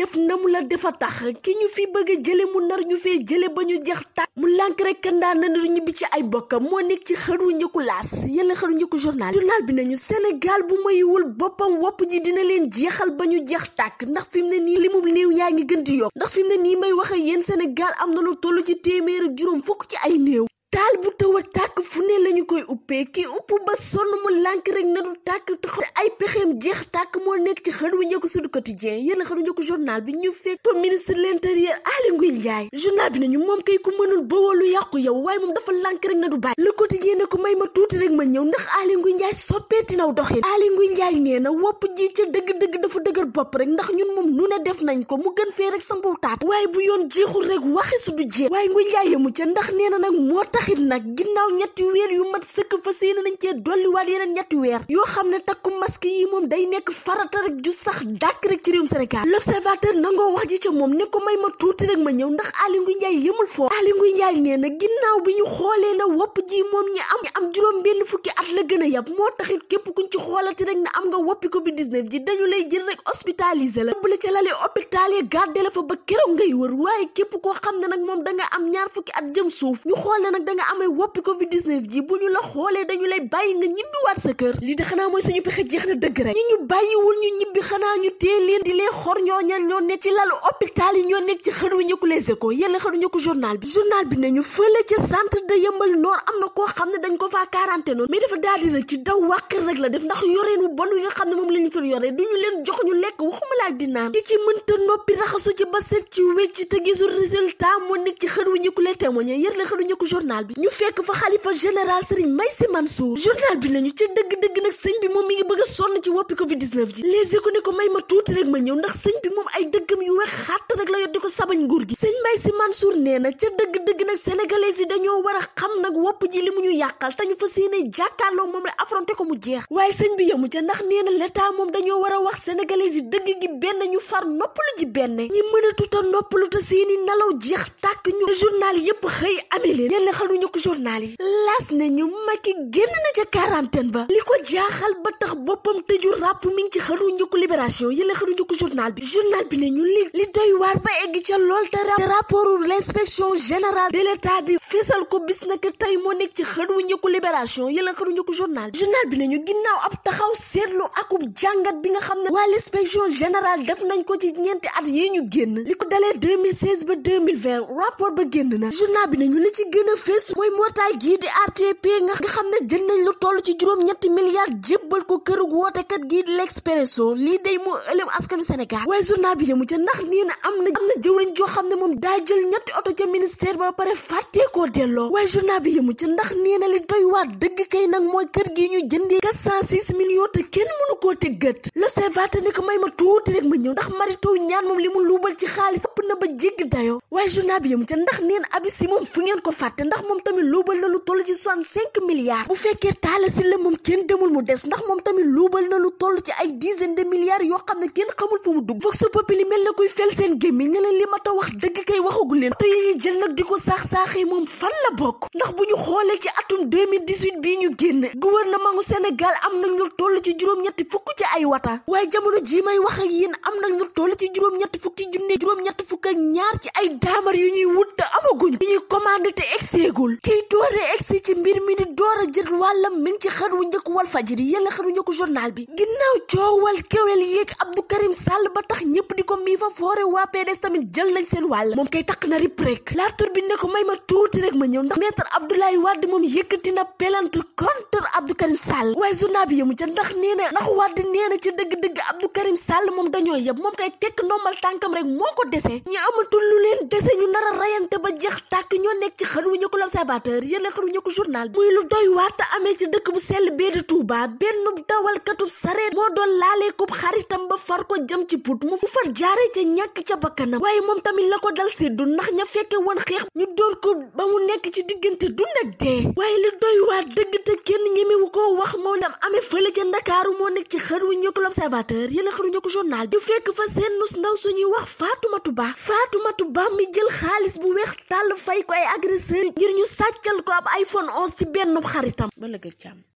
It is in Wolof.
jëf na mu la defa tax ki ñu fi bëgg a jële mu nar ñu fee jële ba ñu jeex tàkk mu lànk rek kandaa na du ñibbi ci ay bokkam moo nekk ci xëru njëkku laas yàlla xëru njëkku journal journal bi nañu Sénégal bu ma yiwul boppam wopp ji dina leen jeexal ba ñu jeex tàkk ndax fi mu ne nii li mu néew yaa ngi gën di yokk ndax fi mu nii may wax ak yéen Sénégal am na lu toll ci téeméer ak juróom fukk ci ay néew taal bu taw a tàkk fu ne lañu koy uppee kii upp ba sonn mu lànk rek na du tàkk te ay pexeem jeex tàkk moo nekk ci xëru njëkk Sud Quotidien yéen a xëru njëkk journal bi ñu fekk fa ministre de l'intérieur Aly Ngouille Ndiaye journal bi nañu moom kay ku mënul bawoo lu yàqu yow waaye moom dafa lànk rek na du bàyyi may ma tuuti rek ma ñëw na wopp ji ca dëgg-dëgg dafa dëgër bopp rek ndax ñun waaye bu yoon jeexul rek waxi su du jeex waaye Ngouille Ndiaye yemu ca ndax nee na nag moo taxit nag ginnaaw ñetti weer yu mat sëkk fa séena nañ cee dolliwaat yeneen ñetti weer yoo xam ne takku masque yi moom day nekk farata rek ju sax dàkk rek ci réewum Sénégal l'observateur nangoo wax ji ca moom ne ko may ma tuuti rek ma ñëw ndax Aly Ngouille Ndiaye yemul foo Aly Ngouille Ndiaye nee ginnaaw bi ñu xoolee na wopp ji moom ñi am am juróom benn fukki at la gën a yab moo taxit képp kuñ ci xoolati rek ne am nga woppi covid 19 ji dañu lay jël rek hospitalisé la ba keroog ngay da nga am ñaar fukki at jëm suuf ñu xool ne nag da nga amee sa kër lii de xanaa mooy suñu pexe jeex na dëgg rek ñi ñu bàyyiwul ñu ñibbi xanaa ñu tee leen di leen xor ñoo ñan ñoo nekk ci lalu hôpital yi ñoo nekk ci xëru ñëkku les échos yéen xëru ñëkku journal bi journal bi nañu fële ca centre de yëmbal nord am na koo xam ne dañ ko faa quarantaine mais dafa daal dina ci daw wàqir rek la moom la ñu fi yoree duñu leen jox ñu lekk waxuma laa di naan di ci mënta noppi raxasu ci ba set ci wecc te gisul résultat moo nekk ci xëru la xëru ñëkku journal bi ñu fekk May Sy Mansour journal bi dëgg-dëgg nag sëñ bi moom mi ngi bëgg a sonn ci woppi covid 19 ji les ko ne ko may ma tuuti rek ma ñëw ndax sëñ bi moom ay dëggam yu wex xàtt rek la di ko sabañ nguur gi sëñ May Sy Mansour nee ca dal te ñu fas yéene jàkkaarloo moom la affronté ko mu jeex waaye sëñ bi yemu ca ndax nee na moom dañoo war a wax sénégalais yi dëgg gi benn ñu far noppalu ji benn ñi mënatu te noppalu te seeni nelaw jeex tàkk ñu te journal yépp xëy amee leen yéen xaluñu ko journal yi laas na ñu Macky génn na ca quarantaine ba li ko jaaxal ba tax boppam tëju ràpp mi ngi ci xalu njëkku libération yéen xalu njëkku journal bi journal bi ne ñu li li doy waar ba egg ca lool moo nekk ci xalu njëkk njëkku libération yëlan xëtu njëkku journal journal bi nañu ginnaaw ab taxaw seetlu akub jàngat bi nga xam ne waa l'inspection générale def nañ ko ci ñeenti at yi ñu génn li ko dalee 2016 ba ba génn na journal bi nañu li ci gën a fés mooy mbootaay gii di RTP nga xam ne jël nañ lu toll ci juróom-ñetti milliards jébbal ko kërug wootekat gii di l'Expresso lii day moo ëlëm askanu Sénégal waaye journal bi yamu ca ndax nee na am na am na jëwriñ joo xam ne moom daa jël ñetti oto ca ba pare fàttee koo delloo doy waar dëgg kay nag mooy kër gi ñu jëndee 406 millions te kenn mënu koo tëggat l'observateur ne may ma tuuti rek ma ñëw ndax maritoo ñaan moom li mu luubal ci xaalis ëpp na ba jéggi dayoo waaye journal bi yemu ca ndax neen abi si moom fu ngeen ko fàtte ndax moom tamit luubal na lu toll ci 65 milliards bu fekkee taala si la moom kenn demul mu des ndax moom tamit luubal na lu toll ci dizaine de milliards yoo xam ne kenn xamul fu mu dugg vox populi mel na koy fel seen gémmiñ ne leen li ma ta wax dëgg kay waxagu leen te yi jël nag di ko saax-saaxi moom fan la bokk ndax bu ñu xoolee ci atum 2018 bii ñu génn gouvernement gu Sénégal am nag ñu toll ci juróom-ñetti fukk ci ay wata waaye jamono ji may wax ak yéen am nag ñu toll ci juróom-ñetti fukk ci junne juróom-ñetti fukk ak ñaar ci ay daamar yu ñuy wut te amaguñ yu ñuy commandé te ci mbir mi di door a jël wàllam mi ngi ci xët wu njëkk wal bi coowal kéwél yéeg Abdou Karim Sall ba tax ñëpp di ko mii moom kay la tur bi ne ko may ma tuuti rek ma ñëw ndax maître Abdoulaye na plainte contre Abdou Karim Sall waaye journal bi moom dañoo yëpp moom kay tekk ndombal tànkam rek moo ko dese ñi amatul lu leen dese ñu nar a rayante ba jeex tàkk ñoo nekk ci xaru ñëkku l'observateur yéen xaru ñëkku journal muy lu doy waata amee ci dëkk bu sell bee di Touba benn dawalkatub sareet moo doon laalee ko xaritam ba far ko jëm ci put mu far jaare ca ñàkk ca bakkanam waaye moom tamit la ko dal seddu ndax ña fekke woon xeex ñu door ko ba mu nekk ci diggante dund ak dee waaye li doy waa dëgg te kenn ñemewu ko wax moo lam amee fële ca ndakaaru moo nekk ci xër wu ñëkk l'observateur yéen xër wu ñëkk journal ñu fekk fa seen nus ndaw suñuy wax Fatoumata Ba Fatoumata Ba mi jël xaalis bu weex tàll fay ko ay agresseur ngir ñu sàccal ko ab iPhone 11 ci benn xaritam ba lëgëg càmm